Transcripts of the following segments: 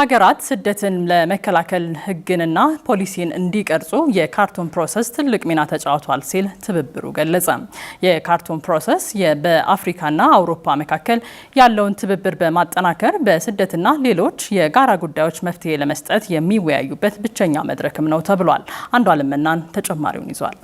ሀገራት ስደትን ለመከላከል ህግንና ፖሊሲን እንዲቀርጹ የካርቱም ፕሮሰስ ትልቅ ሚና ተጫውቷል ሲል ትብብሩ ገለጸ። የካርቱም ፕሮሰስ በአፍሪካና አውሮፓ መካከል ያለውን ትብብር በማጠናከር በስደትና ሌሎች የጋራ ጉዳዮች መፍትሄ ለመስጠት የሚወያዩበት ብቸኛ መድረክም ነው ተብሏል። አንዷ ልመናን ተጨማሪውን ይዟል።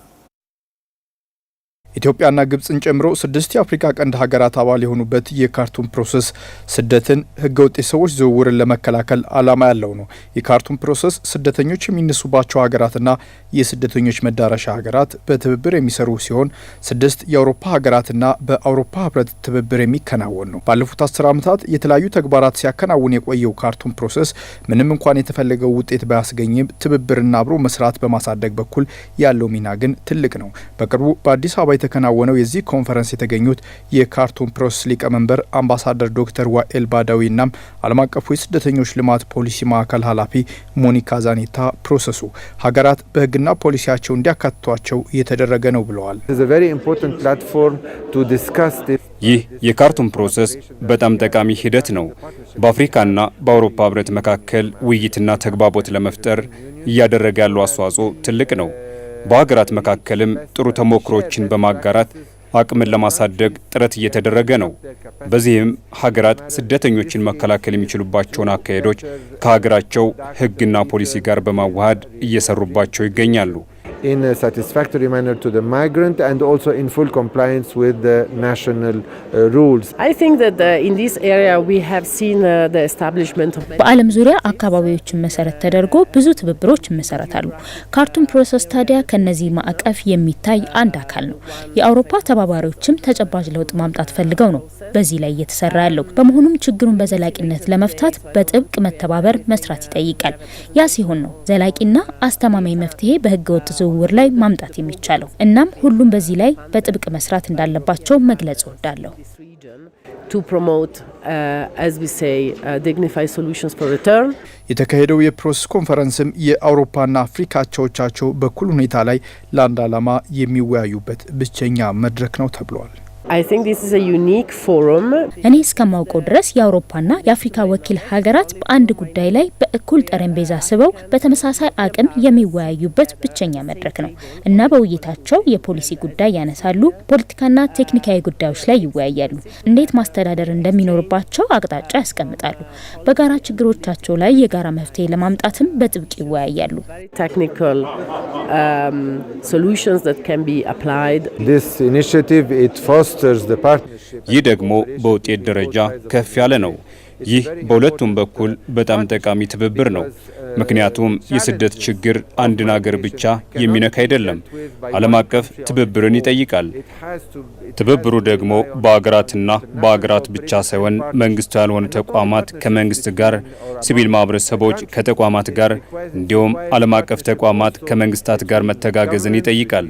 ኢትዮጵያና ግብፅን ጨምሮ ስድስት የአፍሪካ ቀንድ ሀገራት አባል የሆኑበት የካርቱም ፕሮሰስ ስደትን፣ ህገወጥ የሰዎች ዝውውርን ለመከላከል ዓላማ ያለው ነው። የካርቱም ፕሮሰስ ስደተኞች የሚነሱባቸው ሀገራትና የስደተኞች መዳረሻ ሀገራት በትብብር የሚሰሩ ሲሆን ስድስት የአውሮፓ ሀገራትና በአውሮፓ ህብረት ትብብር የሚከናወን ነው። ባለፉት አስር ዓመታት የተለያዩ ተግባራት ሲያከናውን የቆየው ካርቱም ፕሮሰስ ምንም እንኳን የተፈለገው ውጤት ባያስገኝም ትብብርና አብሮ መስራት በማሳደግ በኩል ያለው ሚና ግን ትልቅ ነው። በቅርቡ በአዲስ አበባ በተከናወነው የዚህ ኮንፈረንስ የተገኙት የካርቱም ፕሮስ ሊቀመንበር አምባሳደር ዶክተር ዋኤል ባዳዊና ዓለም አቀፉ የስደተኞች ልማት ፖሊሲ ማዕከል ኃላፊ ሞኒካ ዛኔታ ፕሮሰሱ ሀገራት በህግና ፖሊሲያቸው እንዲያካትቷቸው እየተደረገ ነው ብለዋል። ይህ የካርቱም ፕሮሰስ በጣም ጠቃሚ ሂደት ነው። በአፍሪካና በአውሮፓ ህብረት መካከል ውይይትና ተግባቦት ለመፍጠር እያደረገ ያለው አስተዋጽኦ ትልቅ ነው። በሀገራት መካከልም ጥሩ ተሞክሮችን በማጋራት አቅምን ለማሳደግ ጥረት እየተደረገ ነው። በዚህም ሀገራት ስደተኞችን መከላከል የሚችሉባቸውን አካሄዶች ከሀገራቸው ሕግና ፖሊሲ ጋር በማዋሃድ እየሰሩባቸው ይገኛሉ። in a satisfactory manner to the migrant and also in full compliance with the national uh, rules. I think that uh, in this area we have seen uh, the establishment of በዓለም ዙሪያ አካባቢዎችን መሰረት ተደርጎ ብዙ ትብብሮች ይመሰረታሉ። ካርቱም ፕሮሰስ ታዲያ ከነዚህ ማዕቀፍ የሚታይ አንድ አካል ነው። የአውሮፓ ተባባሪዎችም ተጨባጭ ለውጥ ማምጣት ፈልገው ነው በዚህ ላይ እየተሰራ ያለው። በመሆኑም ችግሩን በዘላቂነት ለመፍታት በጥብቅ መተባበር መስራት ይጠይቃል። ያ ሲሆን ነው ዘላቂና አስተማማኝ መፍትሄ በህገወጥ ዝውውር ዝውውር ላይ ማምጣት የሚቻለው። እናም ሁሉም በዚህ ላይ በጥብቅ መስራት እንዳለባቸው መግለጽ እወዳለሁ። uh, uh, የተካሄደው የፕሮስ ኮንፈረንስም የአውሮፓና አፍሪካ አቻዎቻቸው በኩል ሁኔታ ላይ ለአንድ ዓላማ የሚወያዩበት ብቸኛ መድረክ ነው ተብሏል። እኔ እስከማውቀው ድረስ የአውሮፓና የአፍሪካ ወኪል ሀገራት በአንድ ጉዳይ ላይ በእኩል ጠረጴዛ ስበው በተመሳሳይ አቅም የሚወያዩበት ብቸኛ መድረክ ነው እና በውይይታቸው የፖሊሲ ጉዳይ ያነሳሉ። ፖለቲካና ቴክኒካዊ ጉዳዮች ላይ ይወያያሉ። እንዴት ማስተዳደር እንደሚኖርባቸው አቅጣጫ ያስቀምጣሉ። በጋራ ችግሮቻቸው ላይ የጋራ መፍትሄ ለማምጣትም በጥብቅ ይወያያሉ። um, ይህ ደግሞ በውጤት ደረጃ ከፍ ያለ ነው። ይህ በሁለቱም በኩል በጣም ጠቃሚ ትብብር ነው። ምክንያቱም የስደት ችግር አንድን አገር ብቻ የሚነካ አይደለም፣ ዓለም አቀፍ ትብብርን ይጠይቃል። ትብብሩ ደግሞ በአገራትና በአገራት ብቻ ሳይሆን መንግስቱ ያልሆኑ ተቋማት ከመንግስት ጋር፣ ሲቪል ማህበረሰቦች ከተቋማት ጋር፣ እንዲሁም ዓለም አቀፍ ተቋማት ከመንግስታት ጋር መተጋገዝን ይጠይቃል።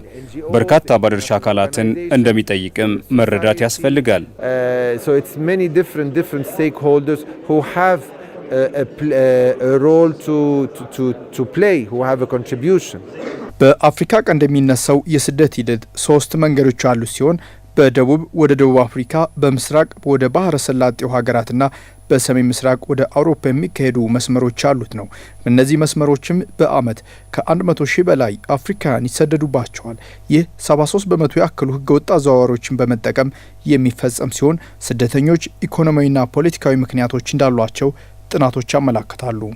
በርካታ ባለድርሻ አካላትን እንደሚጠይቅም መረዳት ያስፈልጋል። uh, others who have a, a, a role to, to, to play, who have a contribution. በአፍሪካ ቀንድ የሚነሳው የስደት ሂደት ሶስት መንገዶች ያሉት ሲሆን በደቡብ ወደ ደቡብ አፍሪካ፣ በምስራቅ ወደ ባህረ ሰላጤው ሀገራትና በሰሜን ምስራቅ ወደ አውሮፓ የሚካሄዱ መስመሮች አሉት ነው። እነዚህ መስመሮችም በአመት ከ100 ሺህ በላይ አፍሪካውያን ይሰደዱባቸዋል። ይህ 73 በመቶ ያክሉ ህገወጥ አዘዋዋሪዎችን በመጠቀም የሚፈጸም ሲሆን ስደተኞች ኢኮኖሚያዊና ፖለቲካዊ ምክንያቶች እንዳሏቸው ጥናቶች ያመላክታሉ።